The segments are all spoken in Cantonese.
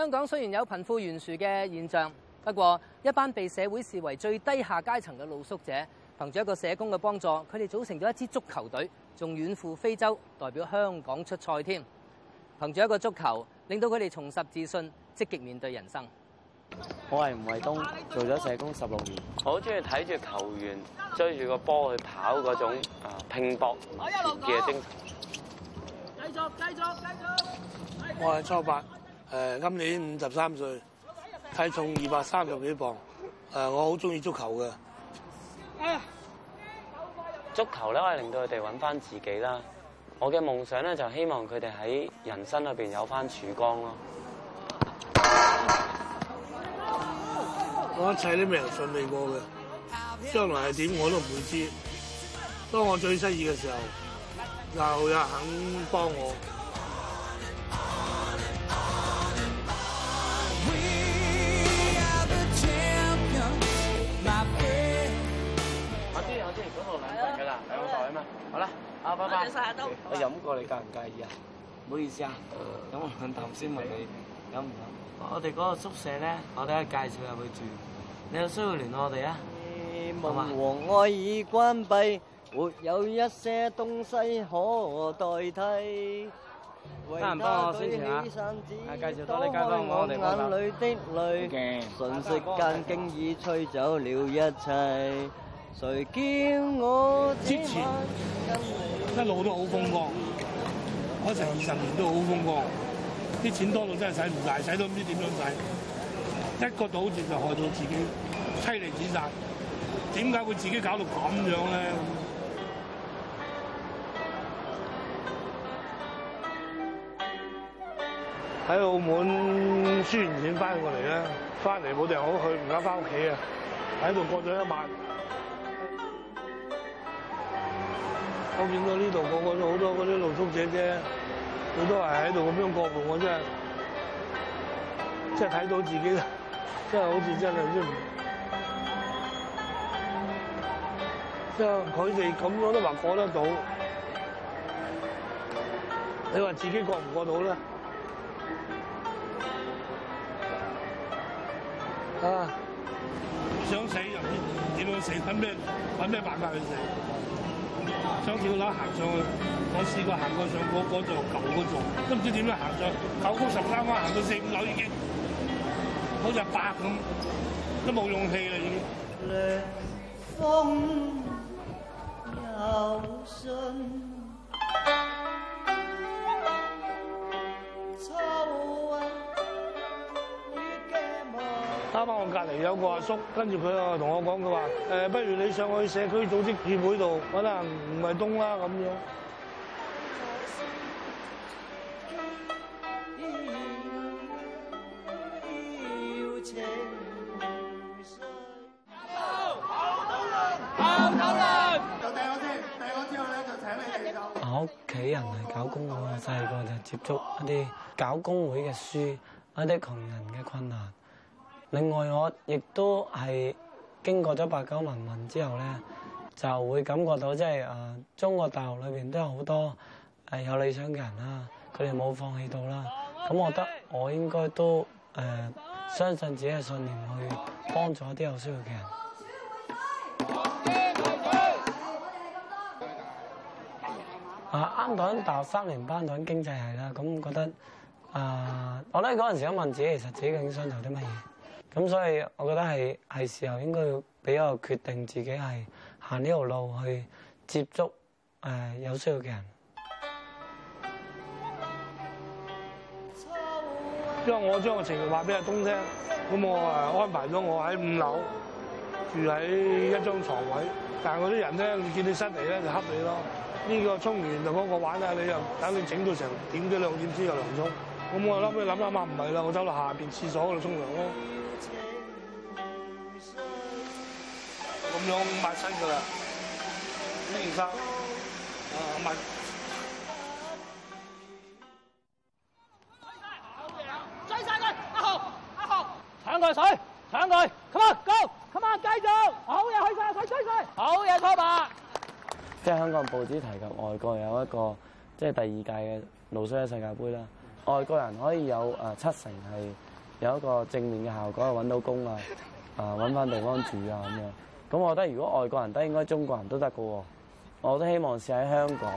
香港雖然有貧富懸殊嘅現象，不過一班被社會視為最低下階層嘅露宿者，憑住一個社工嘅幫助，佢哋組成咗一支足球隊，仲遠赴非洲代表香港出賽添。憑住一個足球，令到佢哋重拾自信，積極面對人生。我係吳衛東，做咗社工十六年，我好中意睇住球員追住個波去跑嗰種拼搏嘅精神。繼續，繼續，繼續。我係初八。誒，今年五十三歲，體重二百三十幾磅。誒，我好中意足球嘅。足球咧，可以令到佢哋揾翻自己啦。我嘅夢想咧，就希望佢哋喺人生裏邊有翻曙光咯。我一切都未曾順利過嘅，將來係點我都唔會知。當我最失意嘅時候，又有肯幫我。好啦，拜拜，晒阿東。我飲過，你介唔介意啊？唔好意思啊。咁我向頭先問你飲唔飲？我哋嗰個宿舍咧，我哋介紹入去住。你有需要聯絡我哋啊。夢和愛已關閉，沒有一些東西可代替。得閒幫我宣傳下。介紹到你，介紹我哋。眼裏的淚嘅，瞬息間經已吹走了一切。誰叫我之前一路都好風光，我成二十年都好風光，啲錢多到真係使唔晒，使到唔知點樣使。一個賭字就害到自己，妻離子散。點解會自己搞到咁樣咧？喺澳門輸完錢翻過嚟咧，翻嚟冇地方去，唔敢翻屋企啊，喺度過咗一晚。我見到呢度個個都好多嗰啲露宿者啫，佢都係喺度咁樣過活，我真係，真係睇到自己，真係好似真係都唔，即係佢哋咁樣都話過得到，你話自己過唔過到咧？啊，想死又點點樣死？揾咩揾咩辦法去死？想跳樓行上去，我試過行過上嗰嗰座舊嗰座，都唔知點樣行上去。九曲十三彎，行到四五樓已經，好似八咁、那個，都冇勇氣啦已經。啱啱我隔離有個阿叔，跟住佢就同我講，佢話、呃：不如你上去社區組織協會度揾下吳衛東啦、啊、這樣。加油！好唥唥唥！好先，訂好之後就請你嚟搞。我屋企人係搞工會，細個就接觸一啲搞工會嘅書，一啲窮人嘅困難。另外，我亦都係經過咗八九民運之後咧，就會感覺到即係、就是呃、中國大學裏邊都有好多誒有理想嘅人啦，佢哋冇放棄到啦。咁我覺得我應該都誒、呃、相信自己嘅信念去幫助一啲有需要嘅人。啊，啱到大學三年班，到經濟系啦。咁、啊、覺得啊、呃，我咧嗰陣時想問自己，其實自己嘅影響有啲乜嘢？咁所以，我覺得係係時候應該比較決定自己係行呢條路去接觸誒、呃、有需要嘅人。因為我將個情況話俾阿東聽，咁我誒安排咗我喺五樓住喺一張床位，但係嗰啲人咧你見你失禮咧就恰你咯。呢、呢個沖完就嗰個玩啊，你又等你到整到成點咗兩點之後涼沖，咁我諗諗諗下唔係啦，我走落下邊廁所嗰度沖涼咯。咁樣抹身㗎啦，呢件衫啊抹。追晒佢，阿豪，阿豪搶佢水，搶佢，come on go，come on 繼續，好嘢去晒！去水追佢，好嘢拖 o 即係香港報紙提及外國有一個即係、就是、第二屆嘅露宿者世界盃啦，外國人可以有啊七成係有一個正面嘅效果，揾到工啊，啊揾翻地方住啊咁樣。咁我覺得如果外國人都應該中國人都得嘅喎，我都希望試喺香港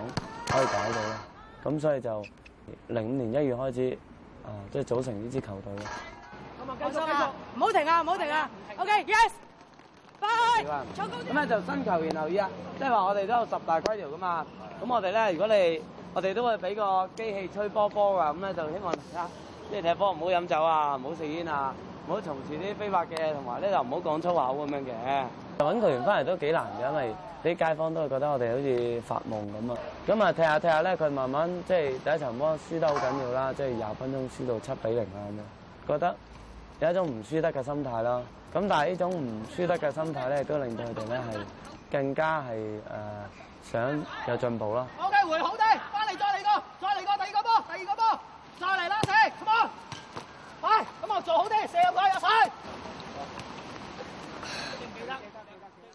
可以搞到啦。咁所以就零五年一月開始，啊，即係組成呢支球隊。咁啊，繼續唔好停啊，唔好停啊。OK，Yes，Bye。咁咧就新球員留意啊，即係話我哋都有十大規條㗎嘛。咁我哋咧，如果你我哋都會俾個機器吹波波啊。咁咧就希望啊，即係踢波唔好飲酒啊，唔好食煙啊，唔好從事啲非法嘅，同埋咧就唔好講粗口咁樣嘅。揾球員翻嚟都幾難嘅，因為啲街坊都會覺得我哋好似發夢咁啊。咁啊，踢下踢下咧，佢慢慢即係第一場波輸得好緊要啦，即係廿分鐘輸到七比零啊，咁樣，覺得有一種唔輸得嘅心態咯。咁但係呢種唔輸得嘅心態咧，亦都令到佢哋咧係更加係誒、呃、想有進步咯。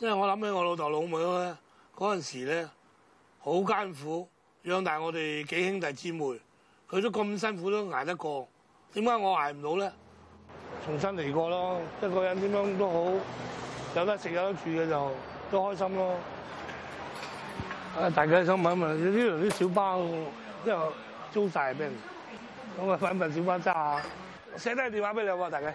因為我諗起我老豆老母咧，嗰陣時咧好艱苦，養大我哋幾兄弟姊妹，佢都咁辛苦都捱得過，點解我捱唔到咧？重新嚟過咯，一個人點樣都好，有得食有得住嘅就都開心咯。啊！大家想問，問，人問，問一問呢度啲小巴即係租晒係咩？咁啊，揾份小巴揸啊！寫低電話俾你啊，大家。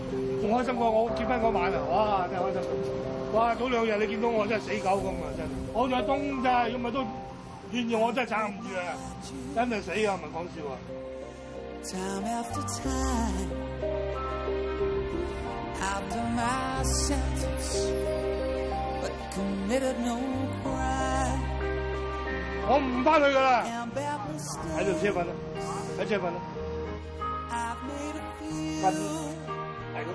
仲開心過我結婚嗰晚啊！哇，真係開心！哇，早兩日你見到我真係死狗咁、no、啊！真係，我仲阿東咋，如果唔係都勸住我真係撐唔住啊！真係死啊！唔係講笑啊！我唔翻去㗎啦！喺度接班啦，喺接班啦！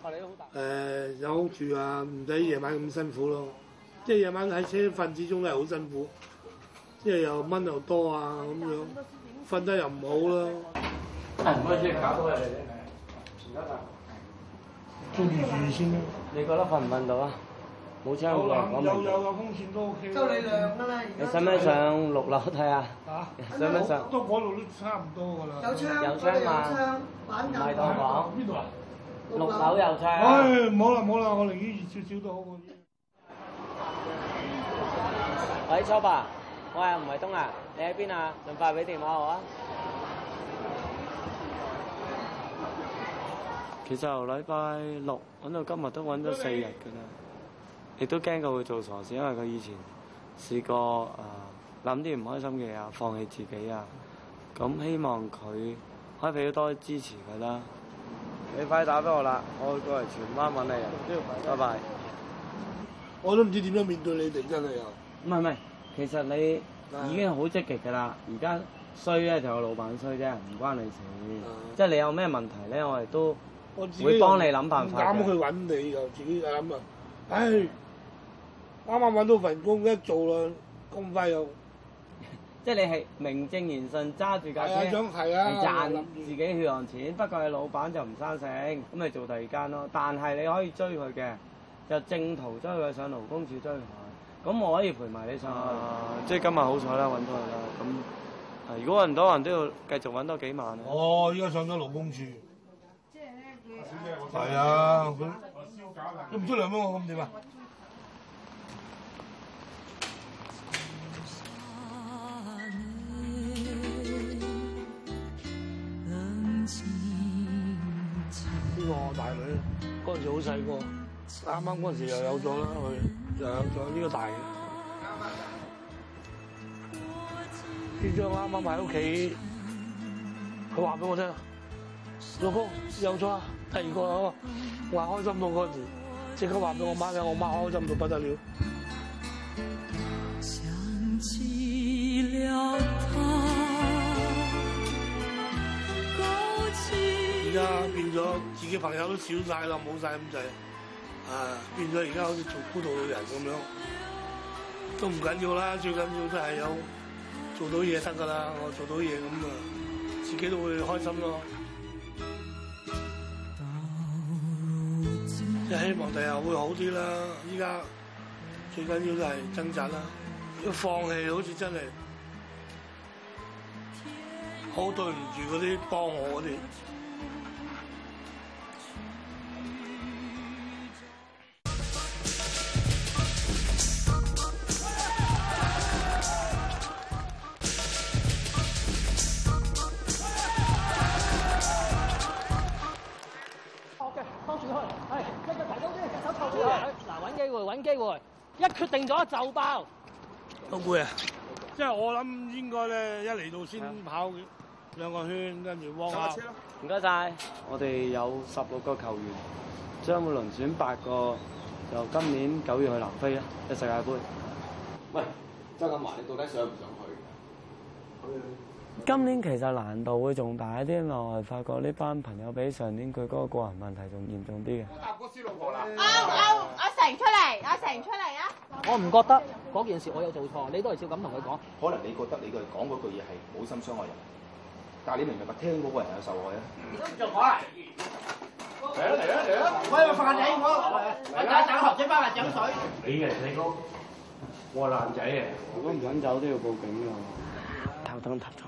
誒有屋住啊，唔使夜晚咁辛苦咯。即係夜晚喺車瞓之中咧，好辛苦。即係又蚊又多啊咁樣，瞓得又唔好啦。唔該，先搞到你。先。你覺得瞓唔瞓到啊？冇窗好涼，我唔有有個都 OK。你涼㗎啦。你使唔使上六樓睇下？使唔使上？都嗰度都差唔多㗎啦。有窗，有窗，有窗。房？邊度啊？六樓又唱、啊，唉、哎，冇啦冇啦，我寧願熱少少都好過、啊、啲。喂，初爸，我係吳衛東啊，你喺邊啊？盡快俾電話我啊。其實由禮拜六揾到今日都揾咗四日㗎啦，亦都驚過佢會做傻事，因為佢以前試過誒諗啲唔開心嘅嘢啊，放棄自己啊，咁希望佢可以俾多啲支持佢啦。你快打俾我啦，我去過嚟荃灣揾你啊！拜拜。我都唔知點樣面對你哋真係啊！唔係唔係，其實你已經好積極噶啦，而家衰咧就係老闆衰啫，唔關你事。嗯、即係你有咩問題咧，我哋都會幫你諗辦法。唔敢去揾你又自己諗啊！唉，啱啱揾到份工一做啦，咁快又～即係你係名正言順揸住架車，係啊，啊賺自己血汗錢。不過你老闆就唔生性，咁咪做第二間咯。但係你可以追佢嘅，就正途追佢，上勞工處追佢。咁我可以陪埋你上去，啊，即、就、係、係、今日好彩啦，揾到佢啦。咁如果揾唔到，人都要繼續揾多幾萬。哦，依家上咗勞工處，即係咧，係啊，佢唔知嚟冇我咁點啊！嗰陣時小好細個，啱啱嗰陣時又有咗啦，佢又有咗呢、呢個大嘅。呢張啱啱喺屋企，佢話俾我聽，老公有咗啊，第二個啊，我開心到嗰陣，即刻話俾我媽聽，我媽開心到不得了。想起了而家變咗，自己朋友都少晒咯，冇晒咁滯啊！變咗而家好似做孤獨嘅人咁樣，都唔緊要啦。最緊要都係有做到嘢得噶啦，我做到嘢咁啊，自己都會開心咯。即係，嗯，希望第日會好啲啦。依家最緊要都係掙扎啦，要放棄，好似真係好對唔住嗰啲幫我嗰啲。機會一決定咗就爆！都攰啊，即係我諗應該咧，一嚟到先跑兩個圈，跟住。下車咯！唔該晒。我哋有十六個球員，將會輪選八個，由今年九月去南非咧，一世界杯。喂，周錦華，你到底想唔想去？今年其實難度會仲大一啲，我係發覺呢班朋友比上年佢嗰個個人問題仲嚴重啲嘅。我答過阿成出嚟，阿成出嚟啊！我唔覺得嗰件事我有做錯，你都係照咁同佢講。可能你覺得你嘅講嗰句嘢係冇心傷害人，但係你明唔明白聽嗰個人有受害啊？仲講啊！嚟啦嚟啦嚟啦！我要犯仔，我！我等一等，頭先翻嚟飲水。你啊你哥，我係男仔啊！如果唔想走都要報警㗎、啊、嘛。我疼頭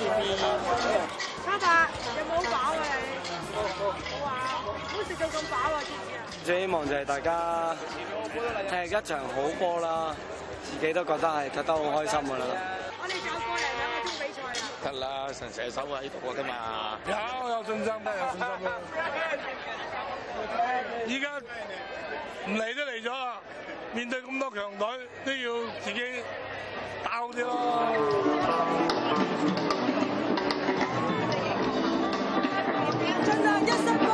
阿伯，有冇飽啊你？冇啊，冇食到咁飽啊！最希望就係大家，踢一場好波啦，自己都覺得係踢得好開心噶啦。我哋仲有過嚟兩個鐘比賽。得啦，神射手喺度噶嘛？有，有信心，真係有信心。依家唔嚟都嚟咗啦，面對咁多強隊，都要自己打好啲咯。一十波，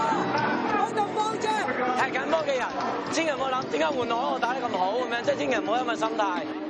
好度慌張，太緊波嘅人，千祈唔好諗點解換我我打得咁好咁樣。即係千祈唔好咁嘅心態。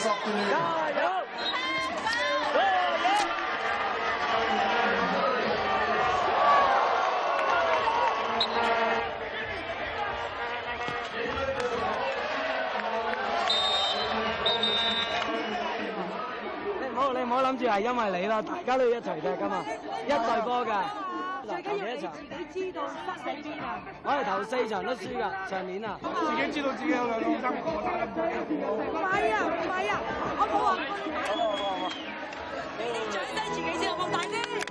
加油！加油！加油！你唔好，你唔好諗住係因為你咯，大家都要一齊踢噶嘛，一隊波噶，嗱，求其一場。知道失死邊啊！我係頭四場都輸噶，上年啊，自己知道自己有兩粒心。唔係 啊，唔係啊，我冇話。好好好好，你獎低自己先，有冇大啲。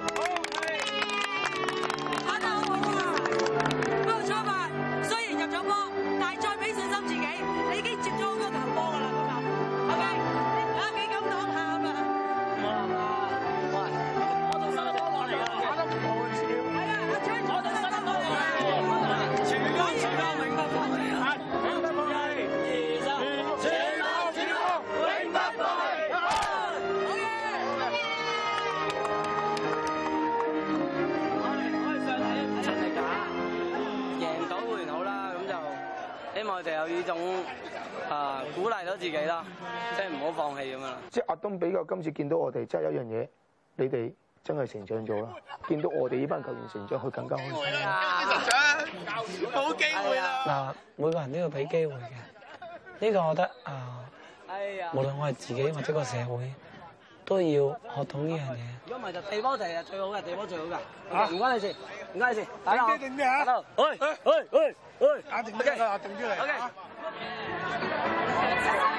放棄咁樣即阿東比較今次見到我哋，即係有樣嘢，你哋真係成長咗啦！見到我哋呢班球員成長，佢更加開心冇機會啦，嗱、啊啊，每個人都要俾機會嘅，呢、呢個我覺得啊、哎呀，無論我係自己或者個社會，都要學懂呢樣嘢。如果唔係就地波就最好嘅，地波最好㗎。唔、啊 OK，關，關你事，唔關你事，大佬，大佬，哎哎哎哎，定乜嘅？啊，定住嚟。OK，啊 OK，啊啊啊啊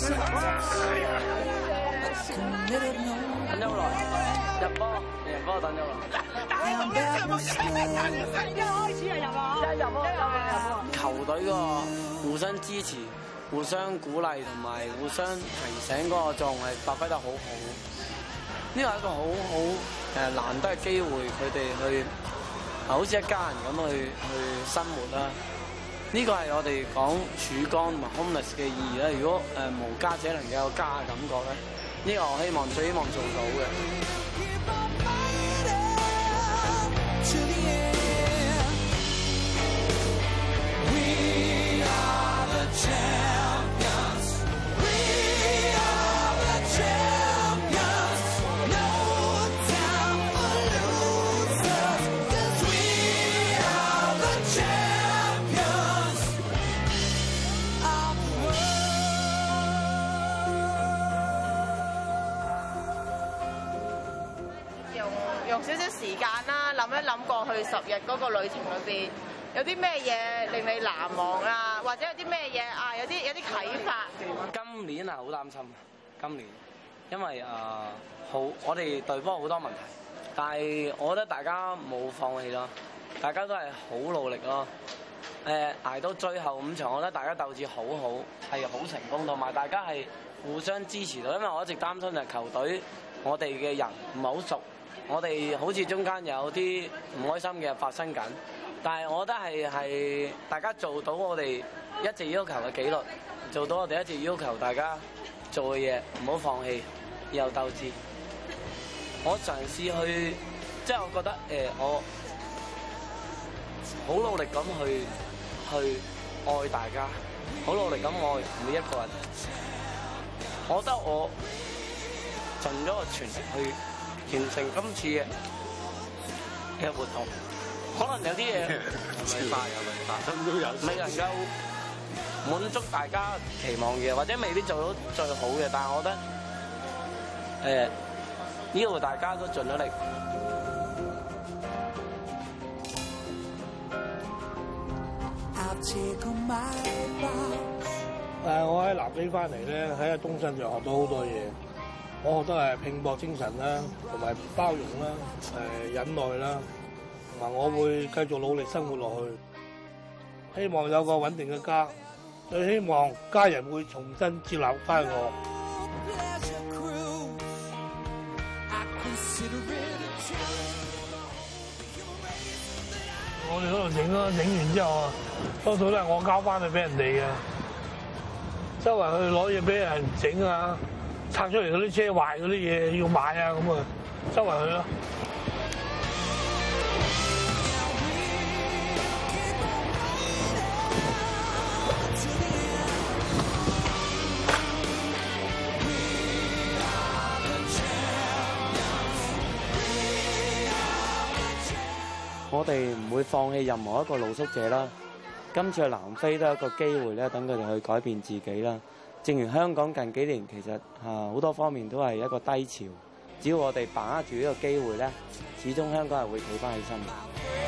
等咗好耐，入波，入波。等咗好耐，入波，入波，等咗好耐。球隊個互相支持、互相鼓勵同埋互相提醒個作用係發揮得好好。呢個係一個好好誒難得嘅機會，佢哋去啊，好似一家人咁去去生活啦。呢個係我哋講曙光同埋 homeless 嘅意義咧。如果誒無家者能夠有家嘅感覺咧，呢個我希望最希望做到嘅。嗰個旅程裏邊有啲咩嘢令你難忘啊？或者有啲咩嘢啊？有啲有啲啟發，今年啊，好擔心。今年，因為啊，好我哋對方好多問題，但係我覺得大家冇放棄咯，大家都係好努力咯。誒、呃、捱到最後五場我覺得大家鬥志好好，係好成功，同埋大家係互相支持到，因為我一直擔心就係球隊我哋嘅人唔係好熟。我哋好似中間有啲唔開心嘅發生緊，但係我覺得係係大家做到我哋一直要求嘅紀律，做到我哋一直要求大家做嘅嘢，唔好放棄，有鬥志。我嘗試去，即係我覺得，呃，我好努力咁去去愛大家，好努力咁愛每一個人。我覺得我盡咗個全力去。完成今次嘅活動，可能有啲嘢文化有文化，都冇有，未能夠滿足大家期望嘅，或者未必做到最好嘅。但係我覺得誒呢度大家都盡咗力。誒， 我喺南非翻嚟咧，喺啊東信就學到好多嘢。我覺得係拼搏精神啦，同埋包容啦，誒忍耐啦，同埋我會繼續努力生活落去，希望有個穩定嘅家，最希望家人會重新接納翻我。我哋嗰度整啦，整完之後，多數咧我交翻去俾人哋嘅，周圍去攞嘢俾人整啊。拆出嚟嗰啲車，壞嗰啲嘢要買啊咁啊，周圍去咯。我哋唔會放棄任何一個露宿者啦。今次去南非都有一個機會咧，等佢哋去改變自己啦。正如香港近幾年其實啊好多方面都係一個低潮，只要我哋把握住呢個機會咧，始終香港係會企翻起身嘅。